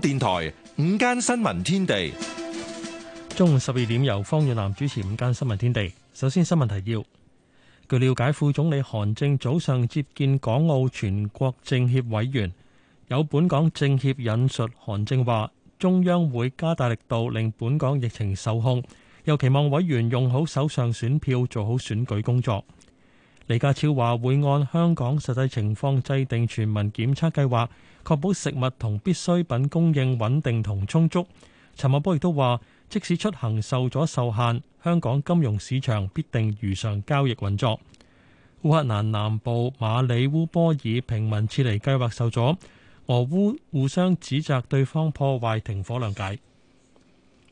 電台午間新聞天地，中午十二點由方遠南主持午間新聞天地。首先新聞提要，據了解，副總理韓正早上接見港澳全國政協委員，有本港政協引述韓正話，中央會加大力度令本港疫情受控，又期望委員用好手上選票，做好選舉工作。李家超話會按香港實際情況制定全民檢測計劃，確保食物同必需品供應穩定同充足。陳茂波亦都話，即使出行受阻受限，香港金融市場必定如常交易運作。烏克蘭南部馬里烏波爾平民撤離計劃受阻，俄烏互相指責對方破壞停火諒解。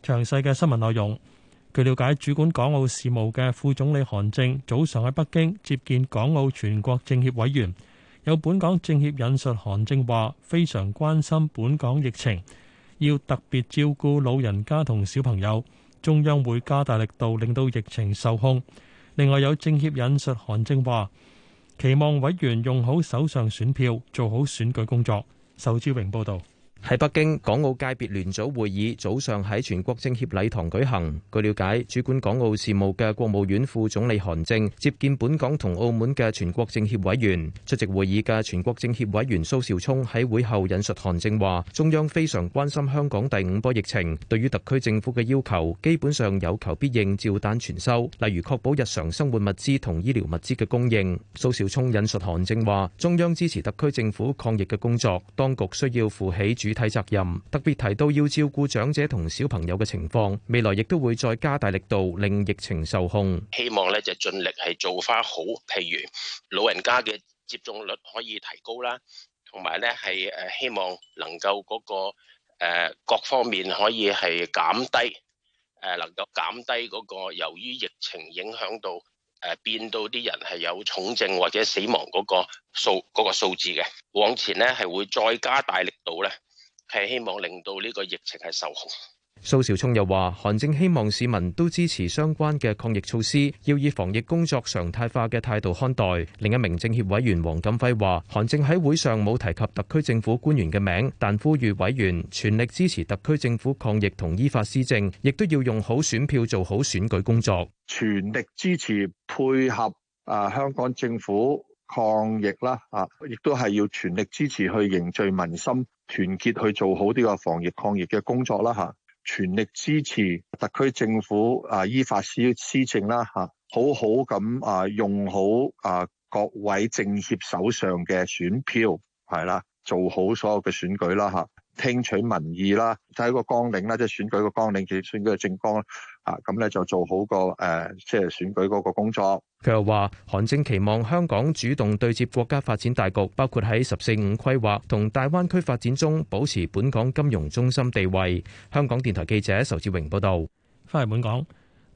詳細嘅新聞內容。據了解，主管港澳事務嘅副總理韓正早上喺北京接見港澳全國政協委員，有本港政協引述韓正話：非常關心本港疫情，要特別照顧老人家同小朋友，中央會加大力度令到疫情受控。另外有政協引述韓正話：期望委員用好手上選票，做好選舉工作。仇志榮報導。喺北京，港澳界別聯組會議早上喺全國政協禮堂舉行。據了解，主管港澳事務嘅國務院副總理韓正接見本港同澳門嘅全國政協委員。出席會議嘅全國政協委員蘇兆聰喺會後引述韓正話，中央非常關心香港第五波疫情，對於特區政府嘅要求，基本上有求必應，照單全收。例如確保日常生活物資同醫療物資嘅供應。蘇兆聰引述韓正話，中央支持特區政府抗疫嘅工作，當局需要負起主。主體責任特別提到要照顧長者同小朋友嘅情況，未來亦都會再加大力度令疫情受控。希望咧就盡力係做翻好，譬如老人家嘅接種率可以提高啦，同埋咧係誒希望能夠嗰個誒各方面可以係減低誒，能夠減低嗰個由於疫情影響到誒變到啲人係有重症或者死亡嗰個數嗰個數字嘅。往前咧係會再加大力度咧。係希望令到呢個疫情係受控。蘇兆聰又話，韓正希望市民都支持相關嘅抗疫措施，要以防疫工作常態化嘅態度看待。另一名政協委員黃錦輝話，韓正喺會上冇提及特區政府官員嘅名，但呼籲委員全力支持特區政府抗疫同依法施政，亦都要用好選票做好選舉工作。全力支持配合啊！香港政府抗疫啦，啊，亦都係要全力支持去凝聚民心。團結去做好呢個防疫抗疫嘅工作啦嚇，全力支持特區政府啊依法施施政啦嚇，好好咁啊用好啊各位政協手上嘅選票係啦，做好所有嘅選舉啦嚇。聽取民意啦，就睇個綱領啦，即係係選舉個綱領，選舉嘅政綱啦，吓、啊，咁咧就做好個誒、呃、即係選舉嗰個工作。佢又話韓正期望香港主動對接國家發展大局，包括喺十四五規劃同大灣區發展中，保持本港金融中心地位。香港電台記者仇志榮報道翻嚟本港。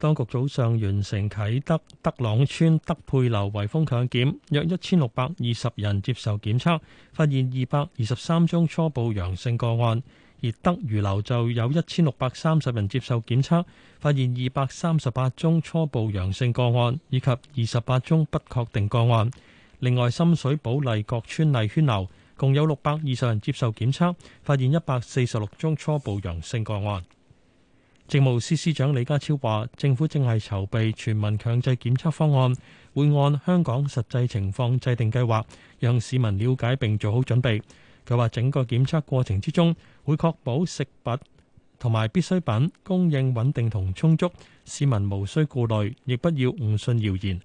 當局早上完成啟德德朗村德珮樓圍封強檢，約一千六百二十人接受檢測，發現二百二十三宗初步陽性個案；而德裕樓就有一千六百三十人接受檢測，發現二百三十八宗初步陽性個案，以及二十八宗不確定個案。另外，深水埗麗閣村麗萱樓共有六百二十人接受檢測，發現一百四十六宗初步陽性個案。政務司司長李家超話，政府正係籌備全民強制檢測方案，會按香港實際情況制定計劃，讓市民了解並做好準備。佢話整個檢測過程之中，會確保食品同埋必需品供應穩定同充足，市民無需顧慮，亦不要誤信謠言。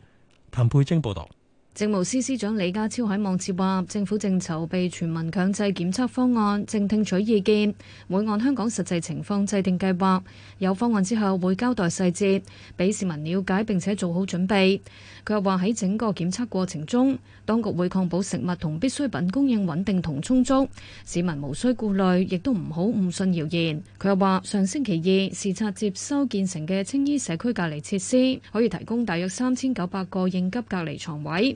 譚佩貞報道。政務司司長李家超喺網誌話：政府正籌備全民強制檢測方案，正聽取意見，會按香港實際情況制定計劃。有方案之後會交代細節，俾市民了解並且做好準備。佢又話喺整個檢測過程中，當局會確保食物同必需品供應穩定同充足，市民無需顧慮，亦都唔好誤信謠言。佢又話：上星期二視察接收建成嘅青衣社區隔離設施，可以提供大約三千九百個應急隔離床位。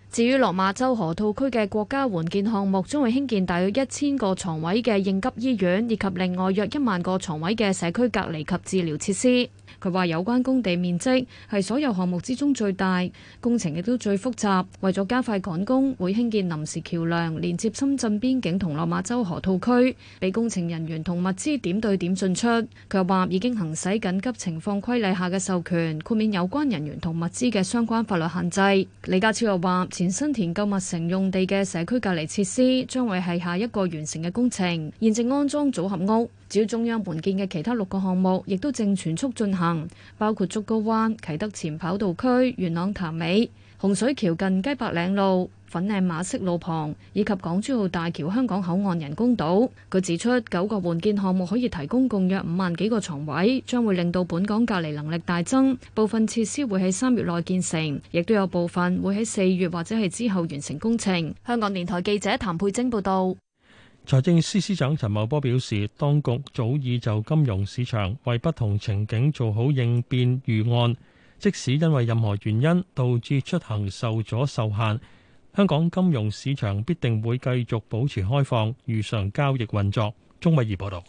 至於落馬洲河套區嘅國家援建項目，將會興建大約一千個床位嘅應急醫院，以及另外約一萬個床位嘅社區隔離及治療設施。佢話有關工地面積係所有項目之中最大，工程亦都最複雜。為咗加快趕工，會興建臨時橋梁連接深圳邊境同落馬洲河套區，俾工程人員同物資點對點進出。佢又話已經行使緊急情況規例下嘅授權，豁免有關人員同物資嘅相關法律限制。李家超又話。前新田購物城用地嘅社區隔離設施將會係下一個完成嘅工程，現正安裝組合屋。至於中央盤建嘅其他六個項目，亦都正全速進行，包括竹篙灣、啟德前跑道區、元朗潭尾、洪水橋近雞白嶺路、粉嶺馬式路旁以及港珠澳大橋香港口岸人工島，佢指出九個援建項目可以提供共約五萬幾個床位，將會令到本港隔離能力大增。部分設施會喺三月內建成，亦都有部分會喺四月或者係之後完成工程。香港電台記者譚佩晶報道。財政司司長陳茂波表示，當局早已就金融市場為不同情景做好應變預案，即使因為任何原因導致出行受阻受限。香港金融市場必定會繼續保持開放，如常交易運作。鍾偉儀報道，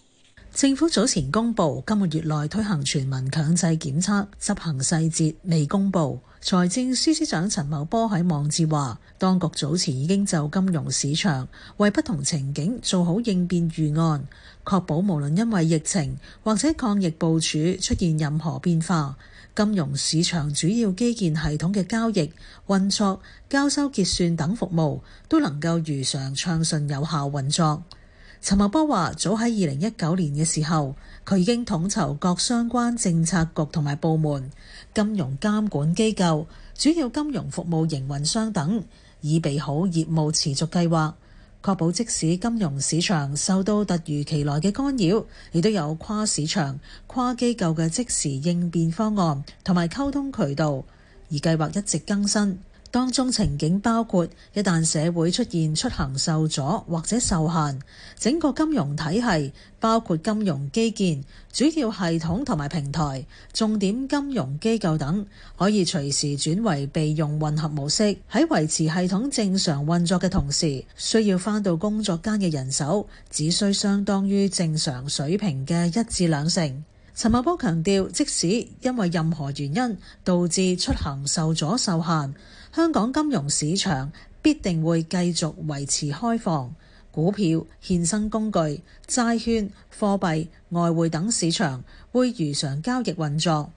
政府早前公布今個月內推行全民強制檢測，執行細節未公布。財政司司長陳茂波喺網志話，當局早前已經就金融市場為不同情景做好應變預案，確保無論因為疫情或者抗疫部署出現任何變化。金融市場主要基建系統嘅交易、運作、交收、結算等服務都能夠如常暢順有效運作。陳茂波話：早喺二零一九年嘅時候，佢已經統籌各相關政策局同埋部門、金融監管機構、主要金融服務營運商等，以備好業務持續計劃。確保即使金融市場受到突如其來嘅干擾，亦都有跨市場、跨機構嘅即時應變方案同埋溝通渠道，而計劃一直更新。當中情景包括一旦社會出現出行受阻或者受限，整個金融體系包括金融基建、主要系統同埋平台、重點金融機構等，可以隨時轉為備用混合模式，喺維持系統正常運作嘅同時，需要返到工作間嘅人手，只需相當於正常水平嘅一至兩成。陳茂波強調，即使因為任何原因導致出行受阻受限，香港金融市場必定會繼續維持開放，股票、衍生工具、債券、貨幣、外匯等市場會如常交易運作。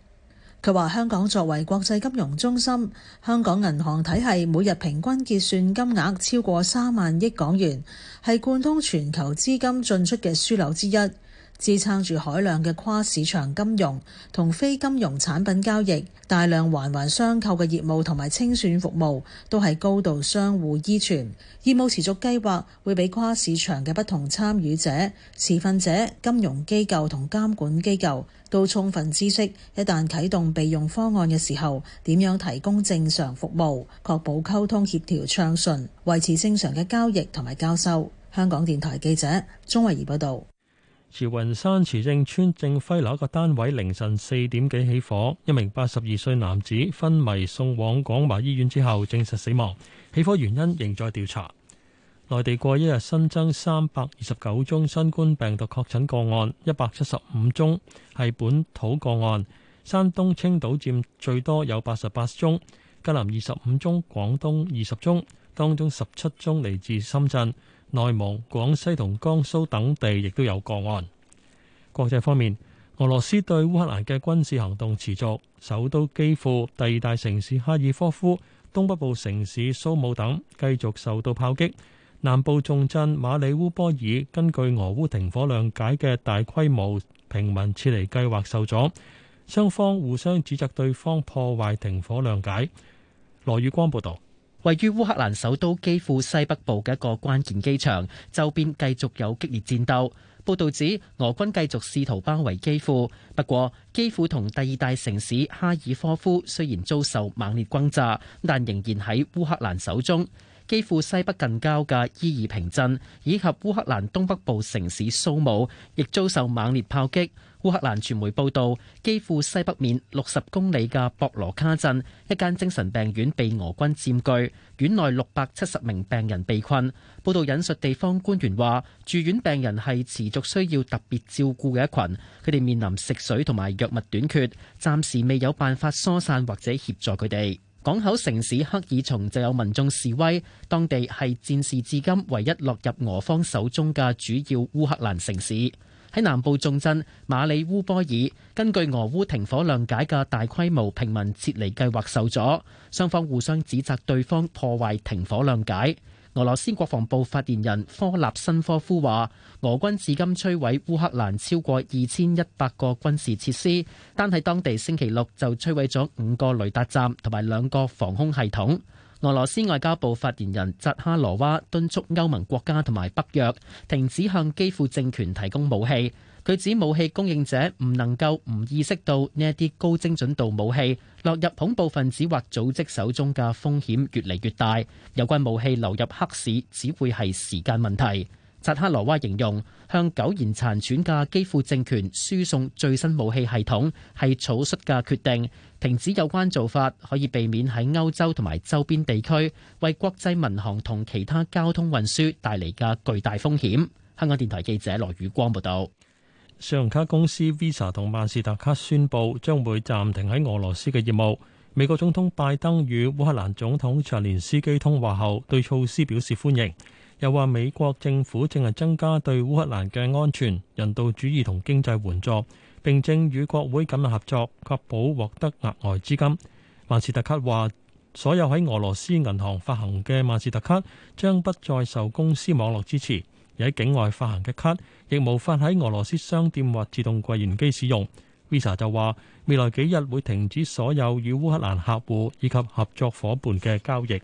佢話香港作為國際金融中心，香港銀行體系每日平均結算金額超過三萬億港元，係貫通全球資金進出嘅樞紐之一。支撐住海量嘅跨市場金融同非金融產品交易，大量環環相扣嘅業務同埋清算服務都係高度相互依存。業務持續計劃會俾跨市場嘅不同參與者、持份者、金融機構同監管機構都充分知識。一旦啟動備用方案嘅時候，點樣提供正常服務，確保溝通協調暢順，維持正常嘅交易同埋交收？香港電台記者鍾慧儀報道。慈雲山慈正村正輝樓一個單位凌晨四點幾起火，一名八十二歲男子昏迷送往廣華醫院之後證實死亡，起火原因仍在調查。內地過一日新增三百二十九宗新冠病毒確診個案，一百七十五宗係本土個案，山東青島占最多有八十八宗，吉林二十五宗，廣東二十宗，當中十七宗嚟自深圳。內蒙、廣西同江蘇等地亦都有個案。國際方面，俄羅斯對烏克蘭嘅軍事行動持續，首都基輔、第二大城市哈爾科夫、東北部城市蘇姆等繼續受到炮擊。南部重鎮馬里烏波爾根據俄烏停火諒解嘅大規模平民撤離計劃受阻，雙方互相指責對方破壞停火諒解。羅宇光報道。位於烏克蘭首都基輔西北部嘅一個關鍵機場，周邊繼續有激烈戰鬥。報道指，俄軍繼續試圖包圍基輔，不過基輔同第二大城市哈爾科夫雖然遭受猛烈轟炸，但仍然喺烏克蘭手中。基輔西北近郊嘅伊爾平鎮，以及烏克蘭東北部城市蘇姆，亦遭受猛烈炮擊。烏克蘭傳媒報道，基輔西北面六十公里嘅博羅卡鎮一間精神病院被俄軍佔據，院內六百七十名病人被困。報道引述地方官員話：住院病人係持續需要特別照顧嘅一群，佢哋面臨食水同埋藥物短缺，暫時未有辦法疏散或者協助佢哋。港口城市赫爾松就有民眾示威，當地係戰事至今唯一落入俄方手中嘅主要烏克蘭城市。喺南部重鎮馬里烏波爾，根據俄烏停火諒解嘅大規模平民撤離計劃受阻，雙方互相指責對方破壞停火諒解。俄羅斯國防部發言人科納申科夫話，俄軍至今摧毀烏克蘭超過二千一百個軍事設施，單喺當地星期六就摧毀咗五個雷達站同埋兩個防空系統。俄羅斯外交部發言人扎哈羅娃敦促歐盟國家同埋北約停止向基輔政權提供武器。佢指武器供應者唔能夠唔意識到呢一啲高精準度武器落入恐怖分子或組織手中嘅風險越嚟越大。有關武器流入黑市只會係時間問題。扎克羅娃形容向苟延殘喘嘅基輔政權輸送最新武器系統係草率嘅決定，停止有關做法可以避免喺歐洲同埋周邊地區為國際民航同其他交通運輸帶嚟嘅巨大風險。香港電台記者羅宇光報道。信用卡公司 Visa 同萬事達卡宣布將會暫停喺俄羅斯嘅業務。美國總統拜登與烏克蘭總統澤連斯基通話後，對措施表示歡迎。又話美國政府正係增加對烏克蘭嘅安全、人道主義同經濟援助，並正與國會緊密合作，確保獲得額外資金。萬事特卡話：所有喺俄羅斯銀行發行嘅萬事特卡將不再受公司網絡支持，而喺境外發行嘅卡亦無法喺俄羅斯商店或自動櫃員機使用。Visa 就話：未來幾日會停止所有與烏克蘭客戶以及合作夥伴嘅交易。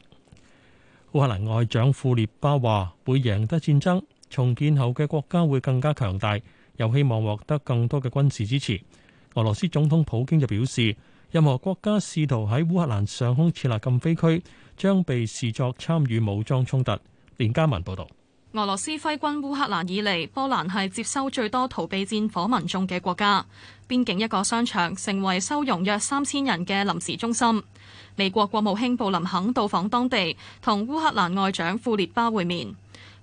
烏克蘭外長庫列巴話會贏得戰爭，重建後嘅國家會更加強大，又希望獲得更多嘅軍事支持。俄羅斯總統普京就表示，任何國家試圖喺烏克蘭上空設立禁飛區，將被視作參與武裝衝突。連家文報道，俄羅斯揮軍烏克蘭以嚟，波蘭係接收最多逃避戰火民眾嘅國家，邊境一個商場成為收容約三千人嘅臨時中心。美國國務卿布林肯到訪當地，同烏克蘭外長庫列巴會面。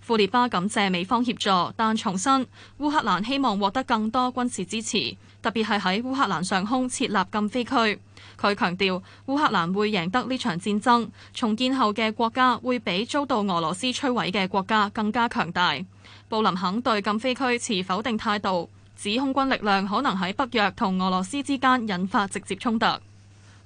庫列巴感謝美方協助，但重申烏克蘭希望獲得更多軍事支持，特別係喺烏克蘭上空設立禁飛區。佢強調烏克蘭會贏得呢場戰爭，重建後嘅國家會比遭到俄羅斯摧毀嘅國家更加強大。布林肯對禁飛區持否定態度，指空軍力量可能喺北約同俄羅斯之間引發直接衝突。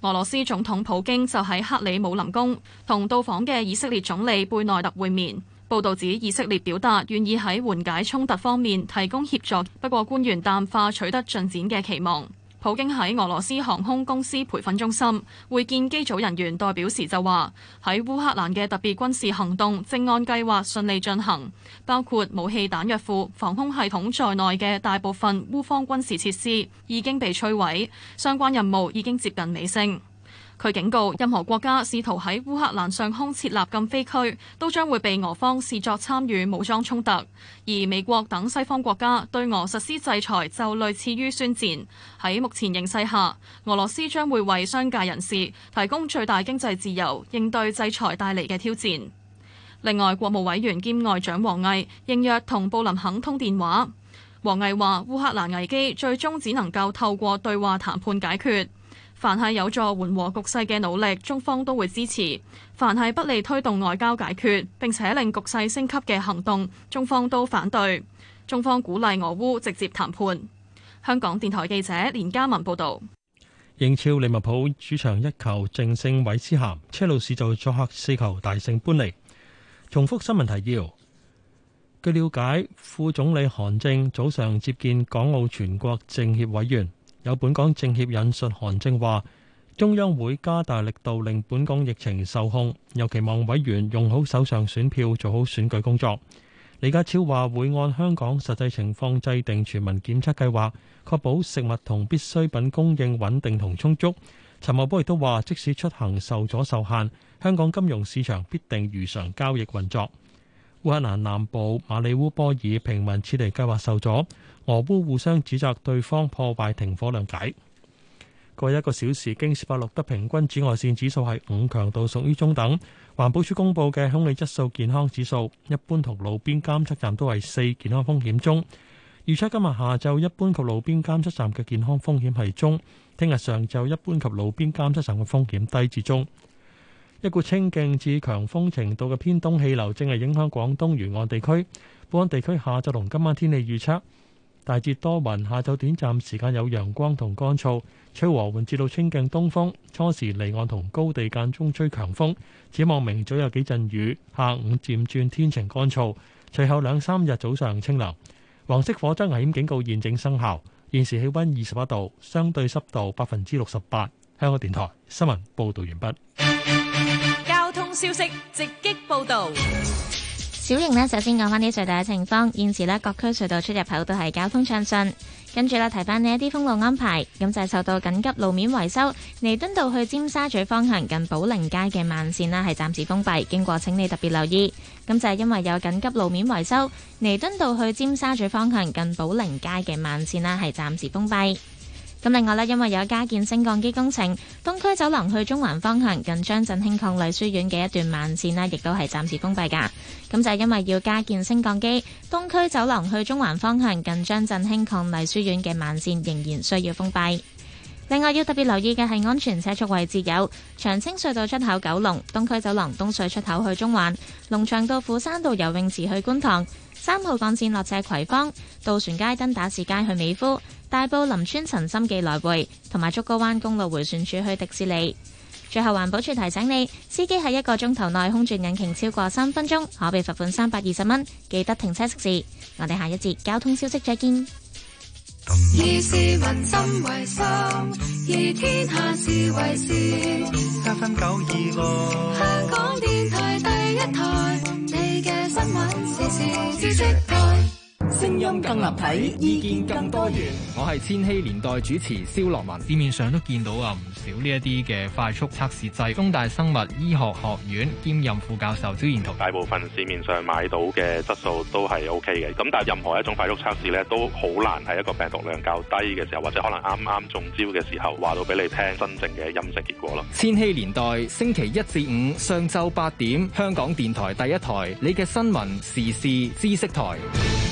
俄羅斯總統普京就喺克里姆林宮同到訪嘅以色列總理貝內特會面。報導指，以色列表達願意喺緩解衝突方面提供協助，不過官員淡化取得進展嘅期望。普京喺俄羅斯航空公司培訓中心會見機組人員代表時就話，喺烏克蘭嘅特別軍事行動正按計劃順利進行，包括武器彈藥庫、防空系統在內嘅大部分烏方軍事設施已經被摧毀，相關任務已經接近尾聲。佢警告，任何國家試圖喺烏克蘭上空設立禁飛區都將會被俄方視作參與武裝衝突。而美國等西方國家對俄實施制裁，就類似於宣戰，喺目前形勢下，俄羅斯將會為商界人士提供最大經濟自由，應對制裁帶嚟嘅挑戰。另外，國務委員兼外長王毅應約同布林肯通電話，王毅話烏克蘭危機最終只能夠透過對話談判解決。凡係有助緩和局勢嘅努力，中方都會支持；凡係不利推動外交解決並且令局勢升級嘅行動，中方都反對。中方鼓勵俄烏直接談判。香港電台記者連嘉文報道。英超利物浦主場一球淨勝韋斯咸，車路士就作客四球大勝般尼。重複新聞提要。據了解，副總理韓正早上接見港澳全國政協委員。有本港政協引述韓正話，中央會加大力度令本港疫情受控，尤其望委員用好手上選票做好選舉工作。李家超話會按香港實際情況制定全民檢測計劃，確保食物同必需品供應穩定同充足。陳茂波亦都話，即使出行受阻受限，香港金融市場必定如常交易運作。烏克蘭南部馬里烏波爾平民撤離計劃受阻，俄烏互相指責對方破壞停火諒解。過去一個小時，京士柏錄得平均紫外線指數係五，強度屬於中等。環保署公布嘅空氣質素健康指數，一般同路邊監測站都係四，健康風險中。預測今日下晝一般及路邊監測站嘅健康風險係中，聽日上晝一般及路邊監測站嘅風險低至中。一股清勁至強風程度嘅偏東氣流正係影響廣東沿岸地區。本港地區下晝同今晚天氣預測大致多雲，下晝短暫時間有陽光同乾燥，吹和緩至到清勁東風。初時離岸同高地間中吹強風，展望明早有幾陣雨，下午漸轉天晴乾燥，隨後兩三日早上清涼。黃色火災危險警告現正生效。現時氣溫二十八度，相對濕度百分之六十八。香港電台新聞報道完畢。消息直擊報道，小型呢，首先講翻啲隧道嘅情況。現時呢，各區隧道出入口都係交通暢順，跟住咧提翻呢一啲封路安排。咁就係受到緊急路面維修，彌敦道去尖沙咀方向近寶靈街嘅慢線咧係暫時封閉，經過請你特別留意。咁就係因為有緊急路面維修，彌敦道去尖沙咀方向近寶靈街嘅慢線咧係暫時封閉。咁另外咧，因為有加建升降機工程，東區走廊去中環方向近張振興伉儷書院嘅一段慢線咧，亦都係暫時封閉㗎。咁就係、是、因為要加建升降機，東區走廊去中環方向近張振興伉儷書院嘅慢線仍然需要封閉。另外要特別留意嘅係安全車速位置有長青隧道出口、九龍東區走廊、東隧出口去中環、龍翔道、虎山道游泳池去觀塘、三號幹線落斜葵芳、渡船街、登打士街去美孚、大埔林村陳心記來回，同埋竹篙灣公路迴旋處去迪士尼。最後，環保處提醒你，司機喺一個鐘頭內空轉引擎超過三分鐘，可被罰款三百二十蚊。記得停車熄匙。我哋下一節交通消息再見。以市民心為心，以天下事為事。七分九二六，香港電台第一台，分你嘅新聞時事知識聲音更立體，意見更多元。我係千禧年代主持蕭樂文。市面上都見到啊唔少呢一啲嘅快速測試劑。中大生物醫學學院兼任副教授朱賢圖。大部分市面上買到嘅質素都係 OK 嘅。咁但係任何一種快速測試呢，都好難喺一個病毒量較低嘅時候，或者可能啱啱中招嘅時候，話到俾你聽真正嘅陰性結果咯。千禧年代星期一至五上晝八點，香港電台第一台，你嘅新聞時事知識台。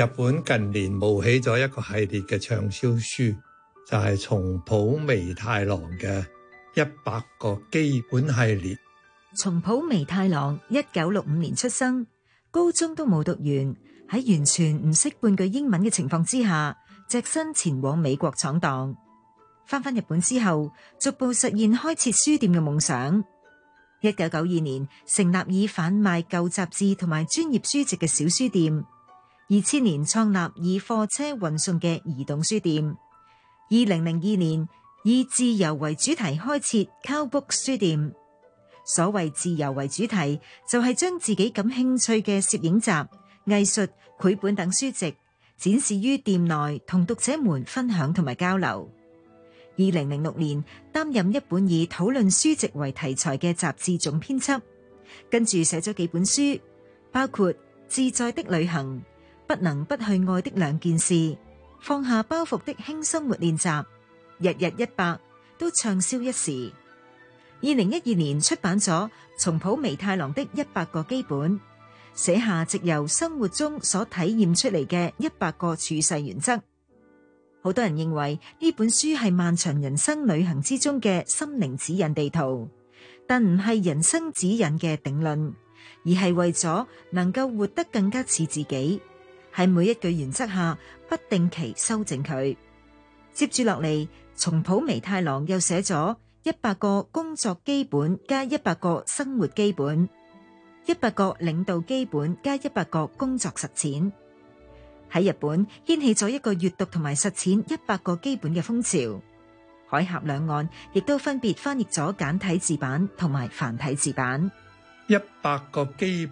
日本近年冒起咗一個系列嘅暢銷書，就係松浦彌太郎嘅《一百個基本系列》。松浦彌太郎一九六五年出生，高中都冇讀完，喺完全唔識半句英文嘅情況之下，隻身前往美國闖蕩。翻返日本之後，逐步實現開設書店嘅夢想。一九九二年成立以販賣舊雜誌同埋專業書籍嘅小書店。二千年創立以貨車運送嘅移動書店。二零零二年以自由為主題開設 Cowbook 書店。所謂自由為主題，就係、是、將自己感興趣嘅攝影集、藝術、繪本等書籍展示於店內，同讀者們分享同埋交流。二零零六年擔任一本以討論書籍為題材嘅雜誌總編輯，跟住寫咗幾本書，包括《自在的旅行》。不能不去愛的兩件事，放下包袱的輕生活練習，日日一百都暢銷一時。二零一二年出版咗《松浦彌太郎的一百個基本》，寫下藉由生活中所體驗出嚟嘅一百個處世原則。好多人認為呢本書係漫長人生旅行之中嘅心靈指引地圖，但唔係人生指引嘅定論，而係為咗能夠活得更加似自己。喺每一句原則下，不定期修正佢。接住落嚟，松浦彌太郎又寫咗一百個工作基本加一百個生活基本，一百個領導基本加一百個工作實踐，喺日本掀起咗一個閱讀同埋實踐一百個基本嘅風潮。海峽兩岸亦都分別翻譯咗簡體字版同埋繁體字版。一百個基。